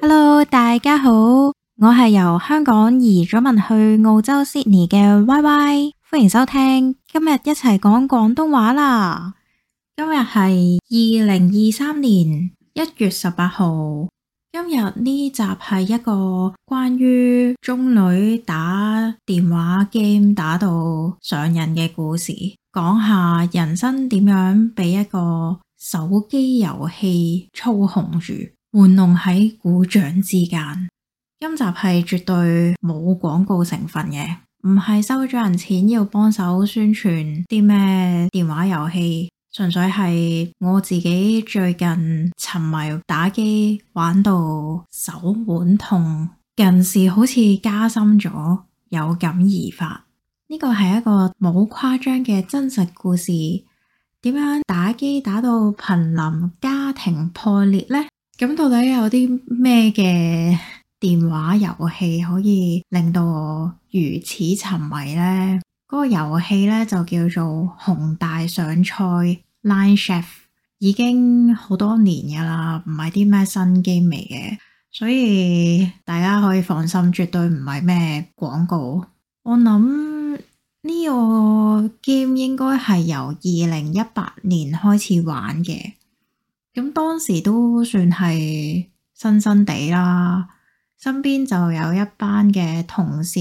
Hello，大家好，我係由香港移咗民去澳洲 Sydney 嘅 Y Y，歡迎收聽今日一齊講廣東話啦。今日係二零二三年一月十八號，今日呢集係一個關於中女打電話 game 打到上癮嘅故事。講下人生點樣俾一個手機遊戲操控住，玩弄喺股掌之間。今集係絕對冇廣告成分嘅，唔係收咗人錢要幫手宣傳啲咩電話遊戲，純粹係我自己最近沉迷打機，玩到手腕痛，近視好似加深咗，有感而發。呢個係一個冇誇張嘅真實故事，點樣打機打到瀕臨家庭破裂呢？咁到底有啲咩嘅電話遊戲可以令到我如此沉迷呢？嗰、那個遊戲呢，就叫做《熊大上菜 Line Chef》，已經好多年噶啦，唔係啲咩新 game 嚟嘅，所以大家可以放心，絕對唔係咩廣告。我諗。呢個 game 應該係由二零一八年開始玩嘅，咁當時都算係新新地啦，身邊就有一班嘅同事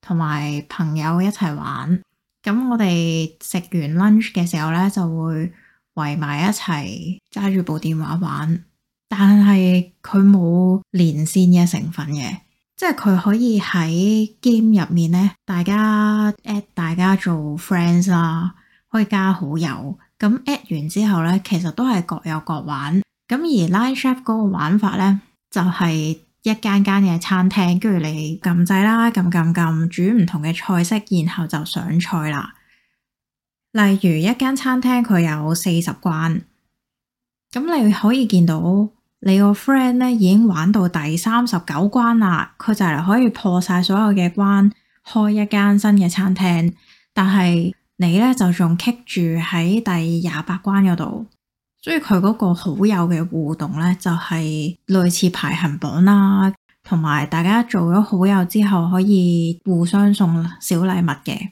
同埋朋友一齊玩，咁我哋食完 lunch 嘅時候呢，就會圍埋一齊揸住部電話玩，但係佢冇連線嘅成分嘅。即係佢可以喺 game 入面咧，大家 at 大家做 friends 啦，可以加好友。咁 at 完之後咧，其實都係各有各玩。咁而 Line Chef 嗰個玩法咧，就係一間間嘅餐廳，跟住你撳掣啦，撳撳撳，煮唔同嘅菜式，然後就上菜啦。例如一間餐廳佢有四十關，咁你可以見到。你個 friend 咧已經玩到第三十九關啦，佢就嚟可以破晒所有嘅關，開一間新嘅餐廳。但係你咧就仲棘住喺第廿八關嗰度，所以佢嗰個好友嘅互動咧就係類似排行榜啦，同埋大家做咗好友之後可以互相送小禮物嘅。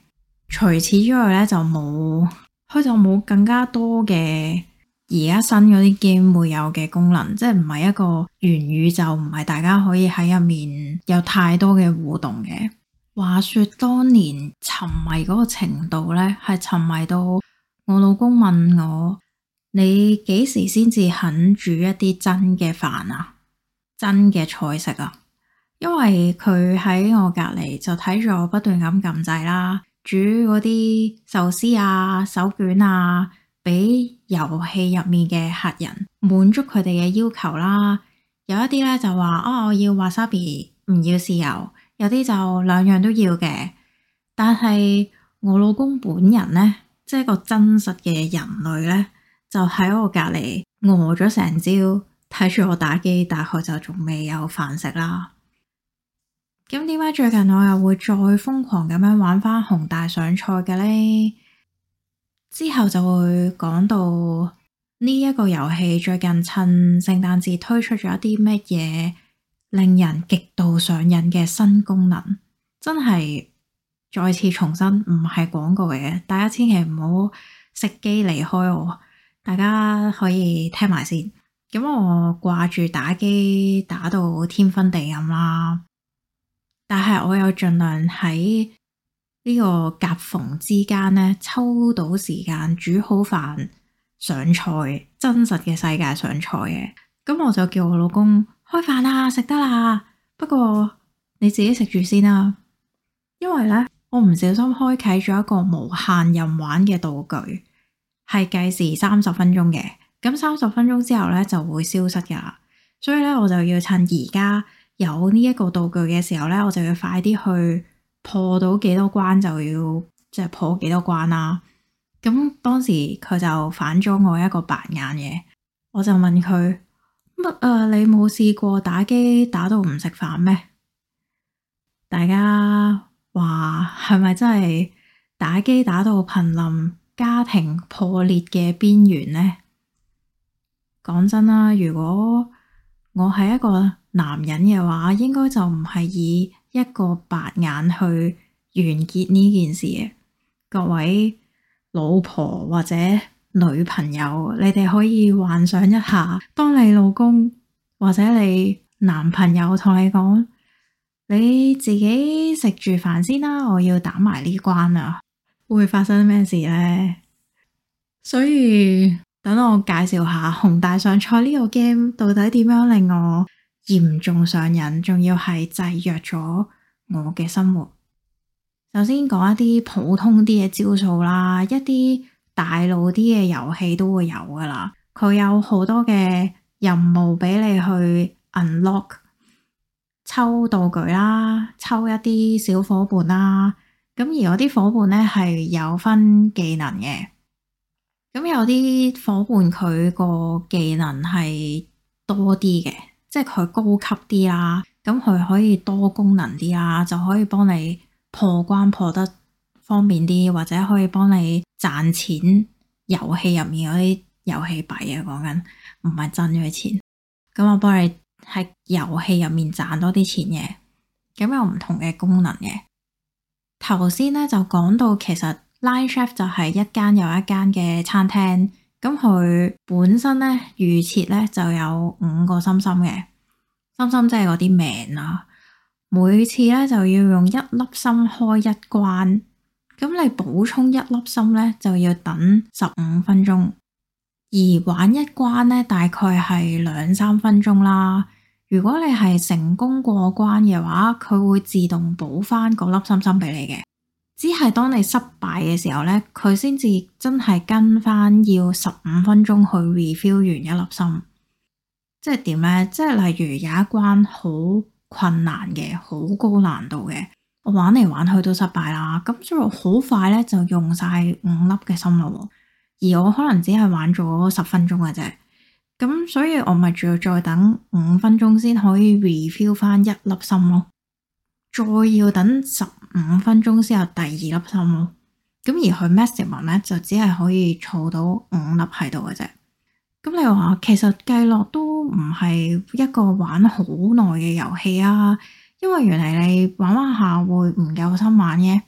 除此之外咧就冇，佢就冇更加多嘅。而家新嗰啲 game 會有嘅功能，即係唔係一個元宇宙，唔係大家可以喺入面有太多嘅互動嘅。話說當年沉迷嗰個程度呢，係沉迷到我老公問我：你幾時先至肯煮一啲真嘅飯啊？真嘅菜式啊？因為佢喺我隔籬就睇住我不斷咁撳掣啦，煮嗰啲壽司啊、手卷啊。俾遊戲入面嘅客人滿足佢哋嘅要求啦，有一啲咧就話啊、哦，我要 wasabi 唔要豉油，有啲就兩樣都要嘅。但係我老公本人呢，即係個真實嘅人類呢，就喺我隔離餓咗成朝，睇、呃、住我打機，大概就仲未有飯食啦。咁點解最近我又會再瘋狂咁樣玩翻熊大上菜嘅呢？之後就會講到呢一個遊戲最近趁聖誕節推出咗一啲咩嘢，令人極度上癮嘅新功能，真係再次重申唔係廣告嘅，大家千祈唔好熄機離開我，大家可以聽埋先。咁我掛住打機打到天昏地暗啦，但係我又盡量喺呢個夾縫之間咧，抽到時間煮好飯上菜，真實嘅世界上菜嘅，咁我就叫我老公開飯啦，啊，食得啦。不過你自己食住先啦，因為呢，我唔小心開啟咗一個無限任玩嘅道具，係計時三十分鐘嘅，咁三十分鐘之後呢就會消失噶。所以呢，我就要趁而家有呢一個道具嘅時候呢，我就要快啲去。破到幾多關就要即係、就是，破幾多關啦，啊。咁當時佢就反咗我一個白眼嘢。我就問佢乜啊？你冇試過打機打到唔食飯咩？大家話係咪真係打機打到瀕臨家庭破裂嘅邊緣呢？講真啦，如果我係一個男人嘅話，應該就唔係以。一個白眼去完結呢件事，各位老婆或者女朋友，你哋可以幻想一下，當你老公或者你男朋友同你講，你自己食住飯先啦，我要打埋呢關啦，會發生咩事呢？所以等我介紹下《熊大上菜》呢個 game 到底點樣令我。嚴重上癮，仲要係制約咗我嘅生活。首先講一啲普通啲嘅招數啦，一啲大路啲嘅遊戲都會有噶啦。佢有好多嘅任務俾你去 unlock，抽道具啦，抽一啲小伙伴啦。咁而嗰啲伙伴呢，係有分技能嘅，咁有啲伙伴佢個技能係多啲嘅。即係佢高級啲啦，咁佢可以多功能啲啊，就可以幫你破關破得方便啲，或者可以幫你賺錢。遊戲入面嗰啲遊戲幣啊，講緊唔係真嘅錢，咁我幫你喺遊戲入面賺多啲錢嘅，咁有唔同嘅功能嘅。頭先咧就講到，其實 Line Chef 就係一間又一間嘅餐廳。咁佢本身咧，預設咧就有五個心心嘅，心心即係嗰啲命啊。每次咧就要用一粒心開一關，咁你補充一粒心咧就要等十五分鐘，而玩一關咧大概係兩三分鐘啦。如果你係成功過關嘅話，佢會自動補翻嗰粒心心俾你嘅。只係當你失敗嘅時候呢，佢先至真係跟翻要十五分鐘去 refill 完一粒心。即係點呢？即係例如有一關好困難嘅，好高難度嘅，我玩嚟玩去都失敗啦。咁所以好快呢，就用晒五粒嘅心咯。而我可能只係玩咗十分鐘嘅啫。咁所以我咪仲要再等五分鐘先可以 refill 翻一粒心咯。再要等十。五分鐘先有第二粒心咯，咁而佢 maximum 咧，就只係可以儲到五粒喺度嘅啫。咁你話其實計落都唔係一個玩好耐嘅遊戲啊，因為原來你玩玩下會唔夠心玩嘅。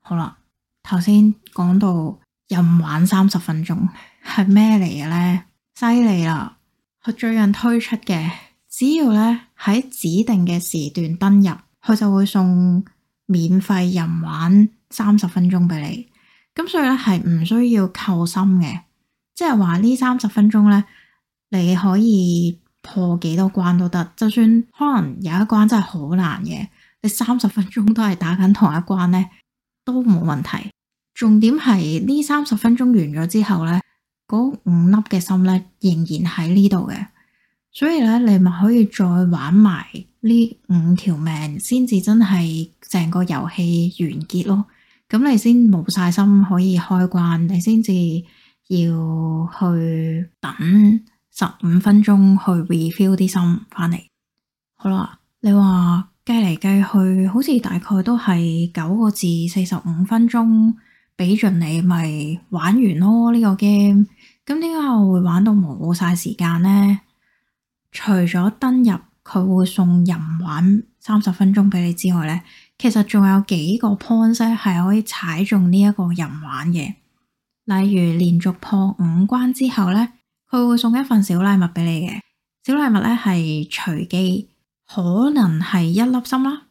好啦，頭先講到任玩三十分鐘係咩嚟嘅咧？犀利啦，佢最近推出嘅，只要咧喺指定嘅時段登入，佢就會送。免費任玩三十分鐘俾你，咁所以咧係唔需要扣心嘅，即係話呢三十分鐘咧你可以破幾多關都得，就算可能有一關真係好難嘅，你三十分鐘都係打緊同一關咧都冇問題。重點係呢三十分鐘完咗之後咧，嗰五粒嘅心咧仍然喺呢度嘅。所以咧，你咪可以再玩埋呢五條命，先至真係成個遊戲完結咯。咁你先冇晒心可以開關，你先至要去等十五分鐘去 refill 啲心翻嚟。好啦，你話計嚟計去，好似大概都係九個字四十五分鐘俾盡，你咪，就是，玩完咯呢、呢個 game。咁點解我會玩到冇晒時間呢？除咗登入佢會送人玩三十分鐘俾你之外呢，其實仲有幾個 point 咧，係可以踩中呢一個人玩嘅。例如連續破五關之後呢，佢會送一份小禮物俾你嘅。小禮物呢係隨機，可能係一粒心啦，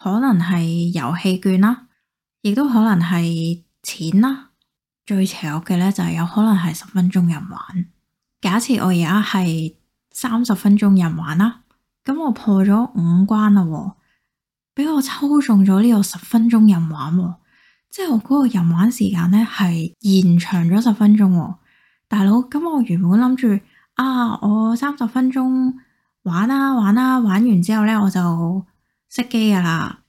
可能係遊戲券啦，亦都可能係錢啦。最邪巧嘅呢，就係有可能係十分鐘人玩。假設我而家係。三十分鐘任玩啦，咁我破咗五關啦，俾我抽中咗呢個十分鐘任玩，即係我嗰個任玩時間呢係延長咗十分鐘。大佬，咁我原本諗住啊，我三十分鐘玩啦，啊，玩啦，啊，玩完之後呢，我就熄機噶啦，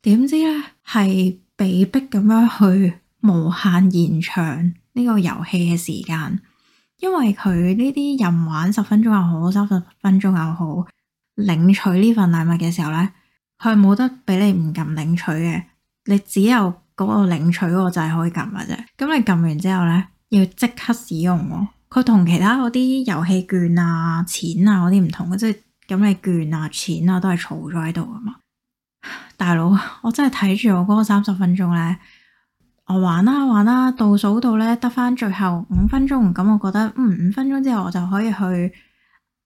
點知呢係被逼咁樣去無限延長呢個遊戲嘅時間。因為佢呢啲任玩十分鐘又好，三十分鐘又好，領取呢份禮物嘅時候呢，佢冇得俾你唔撳領取嘅，你只有嗰個領取個掣可以撳嘅啫。咁你撳完之後呢，要即刻使用喎。佢同其他嗰啲遊戲券啊、錢啊嗰啲唔同嘅，即係咁你券啊、錢啊都係儲咗喺度噶嘛。大佬，我真係睇住我嗰個三十分鐘呢。我玩啦、啊、玩啦、啊，倒數到咧得返最後五分鐘，咁我覺得嗯五分鐘之後我就可以去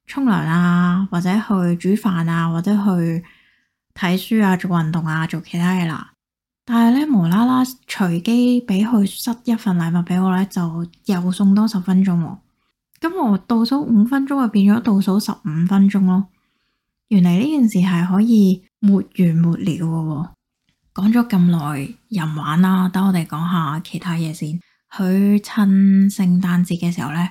沖涼啊，或者去煮飯啊，或者去睇書啊，做運動啊，做其他嘢啦。但係咧無啦啦隨機俾佢塞一份禮物俾我咧，就又送多十分鐘喎、哦。咁我倒數五分鐘就變咗倒數十五分鐘咯、哦。原嚟呢件事係可以沒完沒了嘅、哦。講咗咁耐任玩啦，等我哋講下其他嘢先。佢趁聖誕節嘅時候呢，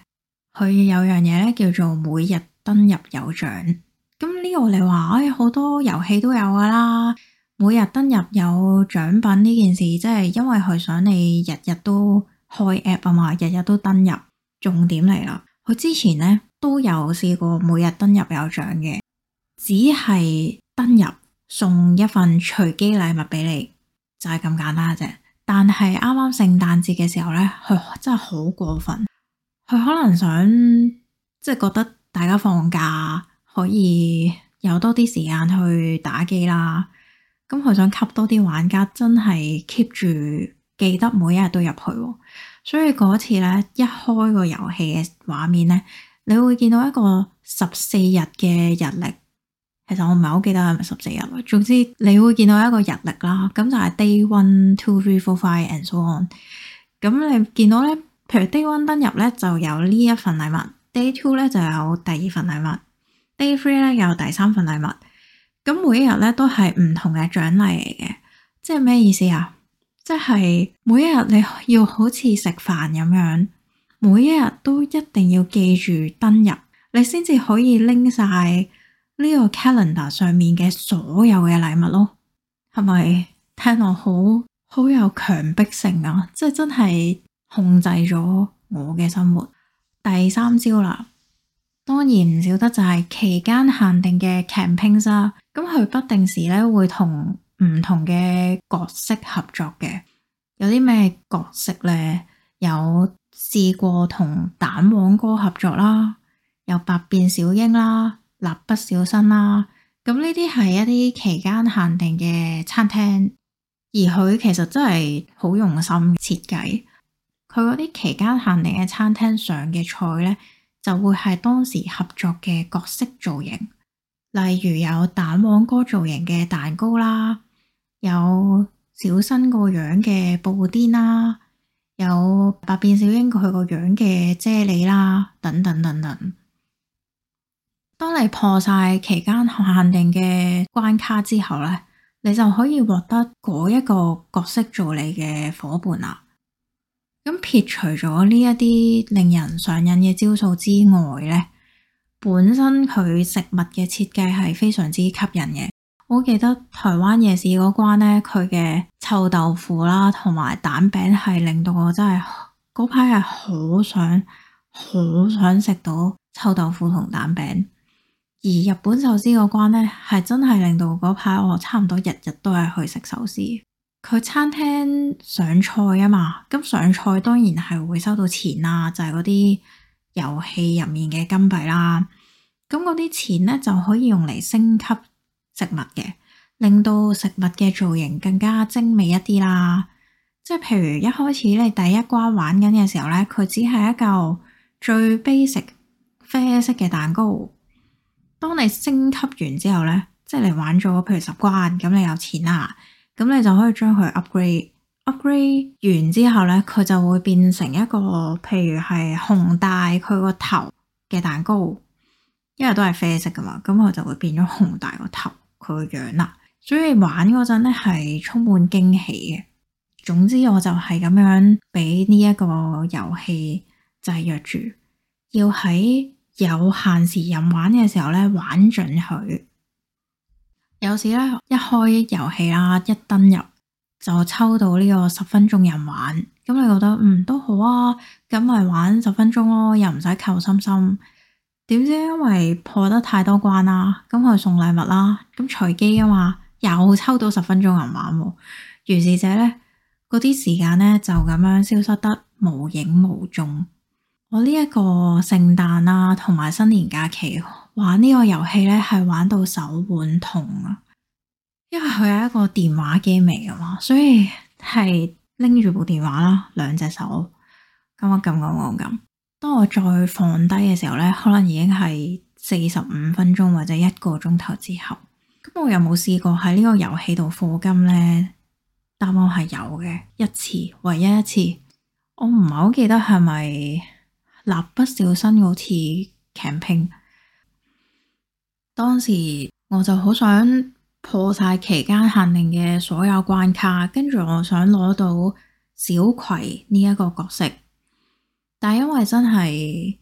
佢有樣嘢呢叫做每日登入有獎。咁呢度你話，哎，好多遊戲都有㗎啦，每日登入有獎品呢件事，即係因為佢想你日日都開 app 啊嘛，日日都登入，重點嚟啦。佢之前呢都有試過每日登入有獎嘅，只係登入。送一份隨機禮物俾你，就係、是、咁簡單啫。但係啱啱聖誕節嘅時候呢，佢真係好過分。佢可能想即係、就是、覺得大家放假可以有多啲時間去打機啦，咁佢想吸多啲玩家，真係 keep 住記得每一日都入去。所以嗰次呢，一開個遊戲嘅畫面呢，你會見到一個十四日嘅日曆。其實我唔係好記得係咪十四日啦。總之你會見到一個日曆啦，咁就係 day one, two, three, four, five and so on。咁你見到咧，譬如 day one 登入咧，就有呢一份禮物，day two 咧就有第二份禮物，day three 咧有第三份禮物。咁每一日咧都係唔同嘅獎勵嚟嘅，即係咩意思啊？即係每一日你要好似食飯咁樣，每一日都一定要記住登入，你先至可以拎晒。呢個 calendar 上面嘅所有嘅禮物咯，係咪聽落好好有強迫性啊？即係真係控制咗我嘅生活。第三招啦，當然唔少得就係期間限定嘅 campaigns 啦、啊。咁佢不定時咧會同唔同嘅角色合作嘅，有啲咩角色咧？有試過同蛋黃哥合作啦，有百變小櫻啦。蠟筆小新啦，咁呢啲係一啲期間限定嘅餐廳，而佢其實真係好用心設計。佢嗰啲期間限定嘅餐廳上嘅菜呢，就會係當時合作嘅角色造型，例如有蛋黃哥造型嘅蛋糕啦，有小新個樣嘅布丁啦，有百變小櫻佢個樣嘅啫喱啦，等等等等。當你破晒期間限定嘅關卡之後呢，你就可以獲得嗰一個角色做你嘅夥伴啦。咁撇除咗呢一啲令人上癮嘅招數之外呢，本身佢食物嘅設計係非常之吸引嘅。我記得台灣夜市嗰關呢，佢嘅臭豆腐啦，同埋蛋餅係令到我真係嗰排係好想好想食到臭豆腐同蛋餅。而日本壽司個關咧，係真係令到嗰排我差唔多日日都係去食壽司。佢餐廳上菜啊嘛，咁上菜當然係會收到錢啦，就係嗰啲遊戲入面嘅金幣啦。咁嗰啲錢咧就可以用嚟升級食物嘅，令到食物嘅造型更加精美一啲啦。即係譬如一開始你第一關玩緊嘅時候咧，佢只係一嚿最 basic 啡色嘅蛋糕。當你升級完之後呢，即係你玩咗譬如十關，咁你有錢啦、啊，咁你就可以將佢 upgrade，upgrade 完之後呢，佢就會變成一個譬如係熊大佢個頭嘅蛋糕，因為都係啡色噶嘛，咁我就會變咗熊大個頭佢個樣啦。所以玩嗰陣呢係充滿驚喜嘅。總之我就係咁樣俾呢一個遊戲制約住，要喺有限時任玩嘅時候咧，玩盡佢。有時咧，一開遊戲啊，一登入就抽到呢個十分鐘任玩。咁你覺得嗯都好啊，咁咪玩十分鐘咯，又唔使扣心心。點知因為破得太多關啦、啊，咁我送禮物啦，咁隨機啊嘛，又抽到十分鐘任玩、啊。於是者咧，嗰啲時間咧就咁樣消失得無影無蹤。我呢一個聖誕啦，同埋新年假期玩呢個遊戲呢，係玩到手腕痛啊。因為佢係一個電話 game 嚟噶嘛，所以係拎住部電話啦，兩隻手咁我撳撳撳撳。當我再放低嘅時候呢，可能已經係四十五分鐘或者一個鐘頭之後。咁我有冇試過喺呢個遊戲度課金呢，答案係有嘅，一次，唯一一次，我唔係好記得係咪。蠟筆小新好似強拼，當時我就好想破晒期間限定嘅所有關卡，跟住我想攞到小葵呢一個角色，但因為真係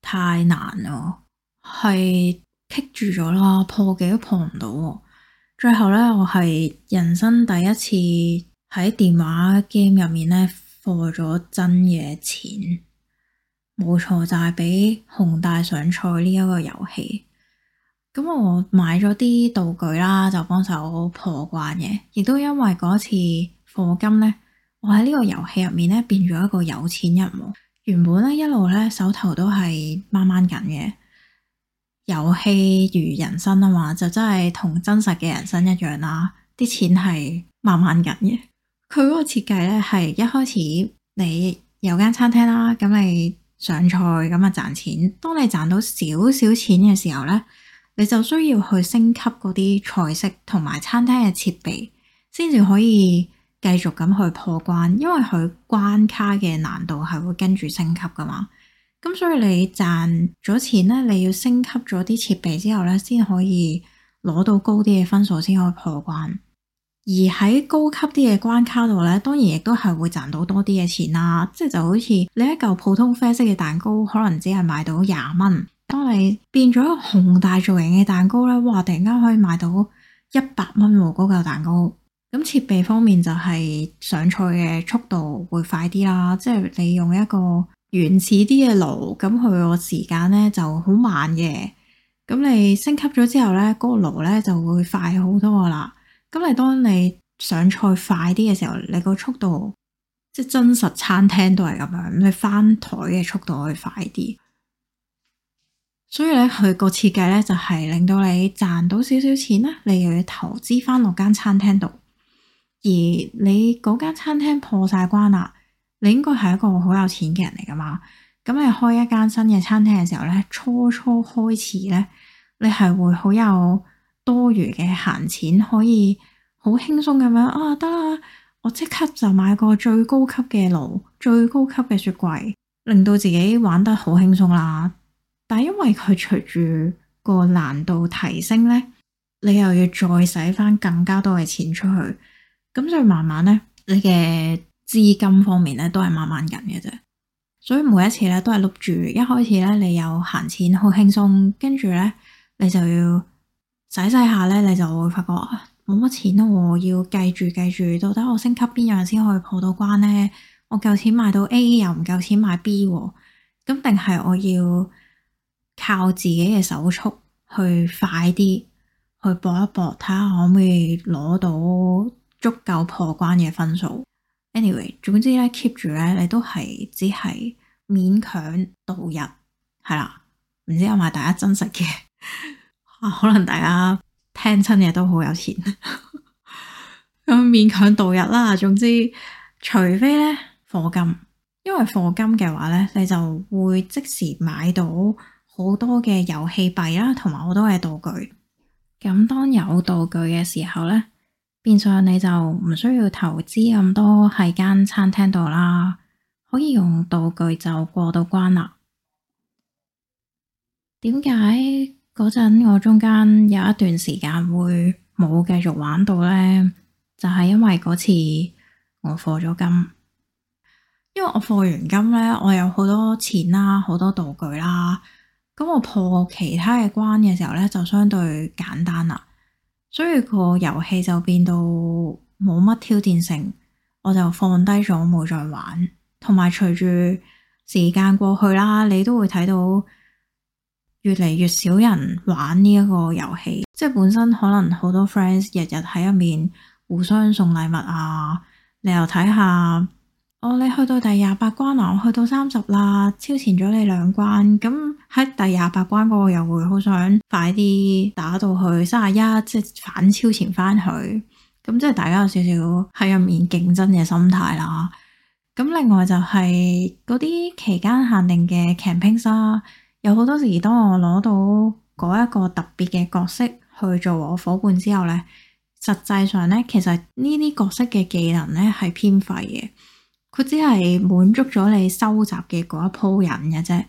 太難咯，係棘住咗啦，破幾都破唔到。最後呢，我係人生第一次喺電話 game 入面呢，課咗真嘢錢。冇錯，就係俾熊大上菜呢一個遊戲。咁我買咗啲道具啦，就幫手破關嘅。亦都因為嗰次課金呢，我喺呢個遊戲入面呢變咗一個有錢人。原本呢一路呢，手頭都係掹掹緊嘅。遊戲如人生啊嘛，就真係同真實嘅人生一樣啦。啲錢係掹掹緊嘅。佢嗰個設計呢，係一開始你有間餐廳啦，咁你。上菜咁啊，賺錢。當你賺到少少錢嘅時候咧，你就需要去升級嗰啲菜式同埋餐廳嘅設備，先至可以繼續咁去破關。因為佢關卡嘅難度係會跟住升級噶嘛。咁所以你賺咗錢咧，你要升級咗啲設備之後咧，先可以攞到高啲嘅分數，先可以破關。而喺高級啲嘅關卡度咧，當然亦都係會賺到多啲嘅錢啦。即係就好似你一嚿普通啡色嘅蛋糕，可能只係賣到廿蚊。當你變咗一個熊大造型嘅蛋糕咧，哇！突然間可以賣到一百蚊喎，嗰嚿蛋糕。咁設備方面就係上菜嘅速度會快啲啦。即係你用一個原始啲嘅爐，咁佢個時間咧就好慢嘅。咁你升級咗之後咧，嗰、嗰個爐咧就會快好多啦。咁你當你上菜快啲嘅時候，你個速度即係真實餐廳都係咁樣，你翻台嘅速度可以快啲。所以咧，佢個設計咧就係令到你賺到少少錢啦，你又要投資翻落間餐廳度。而你嗰間餐廳破晒關啦，你應該係一個好有錢嘅人嚟噶嘛。咁你開一間新嘅餐廳嘅時候咧，初初開始咧，你係會好有～多餘嘅閒錢可以好輕鬆咁樣啊，得啦，我即刻就買個最高級嘅爐、最高級嘅雪櫃，令到自己玩得好輕鬆啦。但係因為佢隨住個難度提升呢，你又要再使翻更加多嘅錢出去，咁所以慢慢呢，你嘅資金方面呢都係慢慢緊嘅啫。所以每一次咧都係碌住，一開始咧你有閒錢好輕鬆，跟住呢你就要。仔細下咧，你就會發覺啊、冇乜錢喎，要計住計住，到底我升級邊樣先可以破到關呢？我夠錢買到 A 又唔夠錢買 B，咁定係我要靠自己嘅手速去快啲去搏一搏，睇下可唔可以攞到足夠破關嘅分數？Anyway，總之咧 keep 住咧，你都係只係勉強度日，係啦，唔知有冇大家真實嘅？ 啊，可能大家聽親嘢都好有錢，咁勉強度日啦。總之，除非咧課金，因為課金嘅話咧，你就會即時買到好多嘅遊戲幣啦，同埋好多嘅道具。咁當有道具嘅時候咧，變相你就唔需要投資咁多喺間餐廳度啦，可以用道具就過到關啦。點解？嗰陣我中間有一段時間會冇繼續玩到呢，就係、是、因為嗰次我課咗金，因為我課完金呢，我有好多錢啦，好多道具啦，咁我破過其他嘅關嘅時候呢，就相對簡單啦，所以個遊戲就變到冇乜挑戰性，我就放低咗冇再玩，同埋隨住時間過去啦，你都會睇到。越嚟越少人玩呢一個遊戲，即係本身可能好多 friends 日日喺入面，互相送禮物啊，你又睇下，哦你去到第廿八關啊，我去到三十啦，超前咗你兩關，咁喺第廿八關嗰個又會好想快啲打到去三十一，即係反超前翻去，咁即係大家有少少喺入面競爭嘅心態啦。咁另外就係嗰啲期間限定嘅 camping 啦、啊。有好多時，當我攞到嗰一個特別嘅角色去做我伙伴之後咧，實際上咧，其實呢啲角色嘅技能咧係偏廢嘅，佢只係滿足咗你收集嘅嗰一鋪人嘅啫，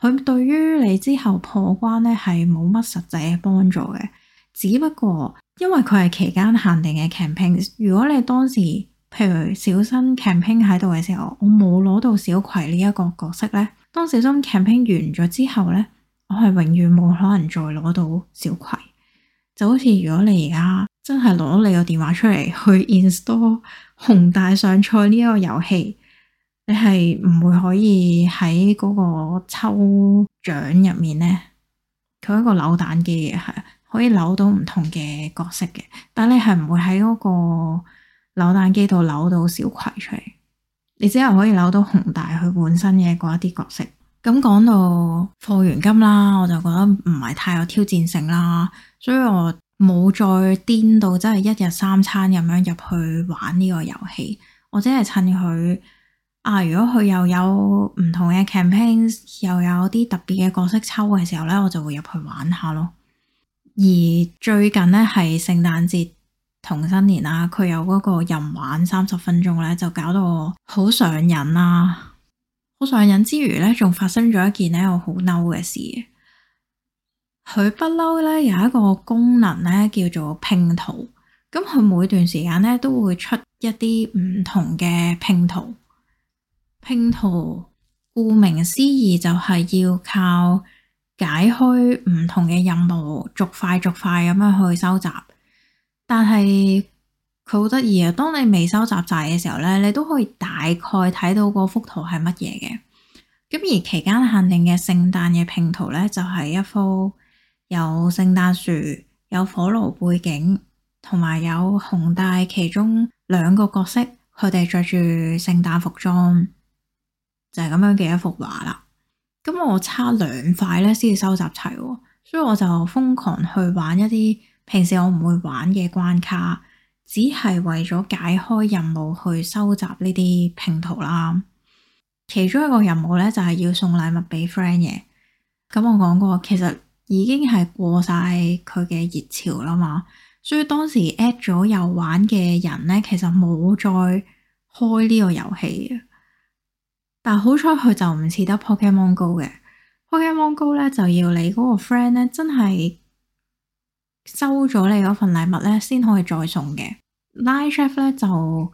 佢對於你之後破關咧係冇乜實際嘅幫助嘅。只不過因為佢係期間限定嘅 campaign，如果你當時譬如小新 campaign 喺度嘅時候，我冇攞到小葵呢一個角色咧。當小心 camping 完咗之後呢，我係永遠冇可能再攞到小葵，就好似如果你而家真係攞你個電話出嚟去 install 熊大上菜呢一個遊戲，你係唔會可以喺嗰個抽奬入面呢，佢一個扭蛋機係可以扭到唔同嘅角色嘅，但你係唔會喺嗰個扭蛋機度扭到小葵出嚟。你只係可以扭到熊大佢本身嘅嗰一啲角色。咁講到課金啦，我就覺得唔係太有挑戰性啦，所以我冇再癲到真係一日三餐咁樣入去玩呢個遊戲。我只係趁佢啊，如果佢又有唔同嘅 campaign，又有啲特別嘅角色抽嘅時候呢，我就會入去玩下咯。而最近呢係聖誕節。同新年啦，佢有嗰個任玩三十分鐘咧，就搞到我好上癮啦，啊！好上癮之餘咧，仲發生咗一件咧，我好嬲嘅事。佢不嬲咧有一個功能咧叫做拼圖，咁佢每段時間咧都會出一啲唔同嘅拼圖。拼圖顧名思義就係要靠解開唔同嘅任務，逐塊逐塊咁樣去收集。但係佢好得意啊！當你未收集晒嘅時候呢，你都可以大概睇到嗰幅圖係乜嘢嘅。咁而期間限定嘅聖誕嘅拼圖呢，就係一幅有聖誕樹、有火爐背景，同埋有熊大，其中兩個角色，佢哋着住聖誕服裝，就係咁樣嘅一幅畫啦。咁我差兩塊呢先至收集齊，所以我就瘋狂去玩一啲。平時我唔會玩嘅關卡，只係為咗解開任務去收集呢啲拼圖啦。其中一個任務咧就係、是、要送禮物俾 friend 嘅。咁、嗯、我講過，其實已經係過晒佢嘅熱潮啦嘛。所以當時 add 咗又玩嘅人咧，其實冇再開呢個遊戲。但好彩佢就唔似得 Pokemon、ok、Go 嘅。Pokemon、ok、Go 咧就要你嗰個 friend 咧真係。收咗你嗰份禮物咧，先可以再送嘅。Line Chef 咧就唔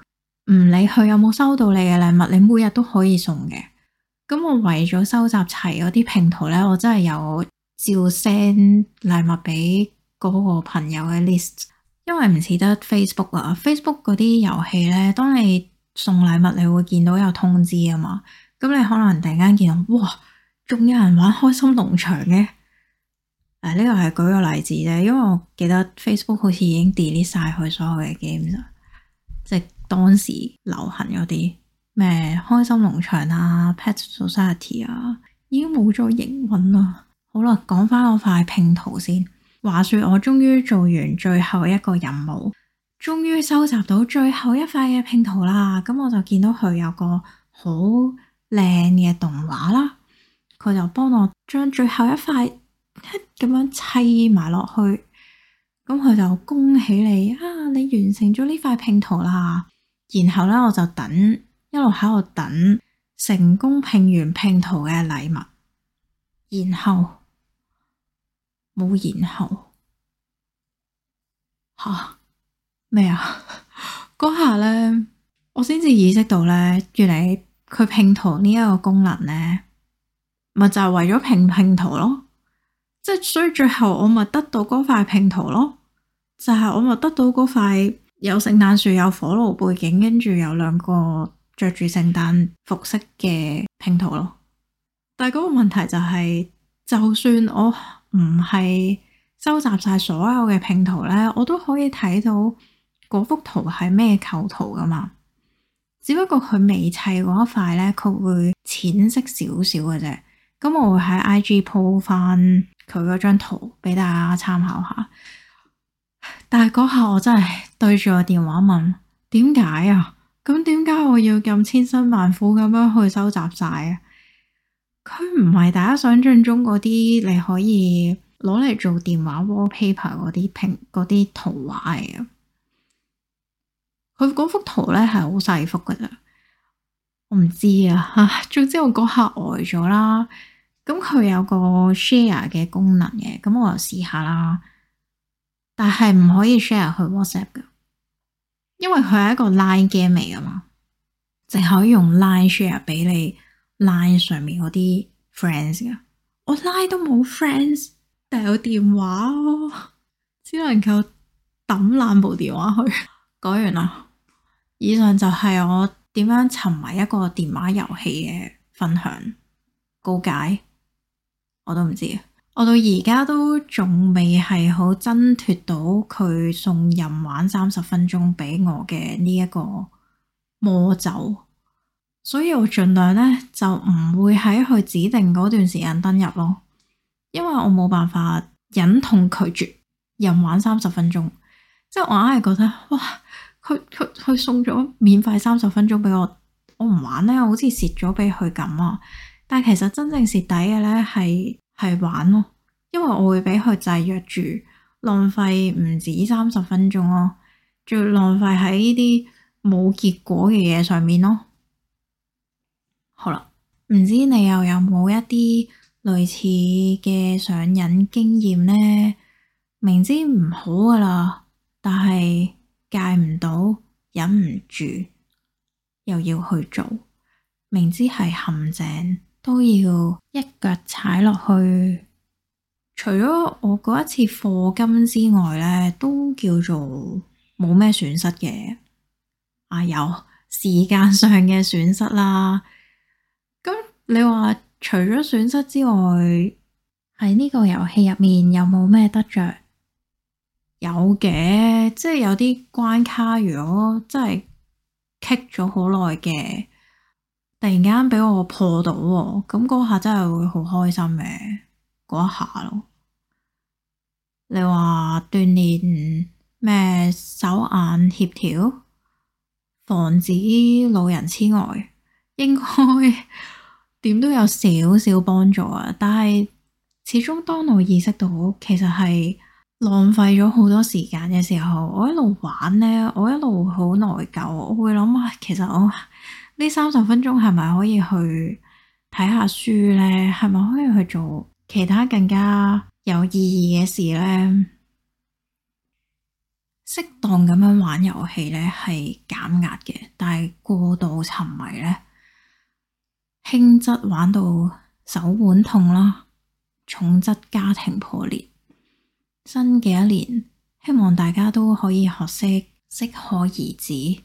理佢有冇收到你嘅禮物，你每日都可以送嘅。咁我為咗收集齊嗰啲拼圖咧，我真係有照 send 禮物俾嗰個朋友嘅 list，因為唔似得 Facebook 啊。Facebook 嗰啲遊戲咧，當你送禮物，你會見到有通知啊嘛。咁你可能突然間見到，哇，仲有人玩開心農場嘅。誒，呢個係舉個例子啫，因為我記得 Facebook 好似已經 delete 晒佢所有嘅 game 啦，即係當時流行嗰啲咩開心農場啊、Pet Society 啊，已經冇咗營運啦。好啦，講翻我塊拼圖先。話說我終於做完最後一個任務，終於收集到最後一塊嘅拼圖啦。咁我就見到佢有個好靚嘅動畫啦，佢就幫我將最後一塊。咁樣砌埋落去，咁佢就恭喜你啊！你完成咗呢塊拼圖啦。然後咧，我就等，一路喺度等，成功拼完拼圖嘅禮物。然後冇然後吓咩啊？嗰、啊、 下咧，我先至意識到咧，原來佢拼圖呢一個功能咧，咪就係、是、為咗拼拼圖咯。即係，所以最後我咪得到嗰塊拼圖咯，就係，我咪得到嗰塊有聖誕樹、有火爐背景，跟住有兩個着住聖誕服飾嘅拼圖咯。但係嗰個問題就係，就算我唔係收集晒所有嘅拼圖咧，我都可以睇到嗰幅圖係咩構圖噶嘛。只不過佢未砌嗰一塊咧，佢會淺色少少嘅啫。咁我會喺 IG 鋪翻。佢嗰張圖俾大家參考下，但係嗰下我真係對住個電話問，點解啊？咁點解我要咁千辛萬苦咁樣去收集晒啊？佢唔係大家想象中嗰啲，你可以攞嚟做電話 wallpaper 嗰啲拼嗰啲圖畫嘅。佢嗰幅圖咧係好細幅噶咋，我唔知啊。總之我嗰下呆咗啦。咁佢有個 share 嘅功能嘅，咁我又試下啦。但係唔可以 share 去 WhatsApp 噶，因為佢係一個 Line game 嚟噶嘛，淨可以用 Line share 俾你 Line 上面嗰啲 friends 噶。我 Line 都冇 friends，但有電話哦、啊，只能夠抌爛部電話去。講完啦，以上就係我點樣沉迷一個電話遊戲嘅分享告解。我都唔知，我到而家都仲未係好掙脫到佢送任玩三十分鐘俾我嘅呢一個魔咒，所以我盡量呢就唔會喺佢指定嗰段時間登入咯，因為我冇辦法忍痛拒絕任玩三十分鐘，即係我硬係覺得哇，佢佢佢送咗免費三十分鐘俾我，我唔玩呢，好似蝕咗俾佢咁啊！但其實真正蝕底嘅咧係係玩咯，因為我會俾佢制約住，浪費唔止三十分鐘咯，仲要浪費喺呢啲冇結果嘅嘢上面咯。好啦，唔知你又有冇一啲類似嘅上癮經驗呢？明知唔好噶啦，但係戒唔到，忍唔住，又要去做，明知係陷阱。都要一腳踩落去，除咗我嗰一次課金之外呢，都叫做冇咩損失嘅。啊、哎，有時間上嘅損失啦。咁你話除咗損失之外，喺呢個遊戲入面有冇咩得着？有嘅，即係有啲關卡如果真係棘咗好耐嘅。突然間俾我破到，咁嗰下真係會好開心嘅嗰一下咯。你話鍛煉咩手眼協調，防止老人痴呆，應該點 都有少少幫助啊。但係始終當我意識到其實係浪費咗好多時間嘅時候，我一路玩呢，我一路好內疚，我會諗啊，其實我。 呢三十分鐘係咪可以去睇下書呢？係咪可以去做其他更加有意義嘅事呢？適當咁樣玩遊戲呢，係減壓嘅，但係過度沉迷呢，輕則玩到手腕痛啦，重則家庭破裂。新嘅一年，希望大家都可以學識適可而止。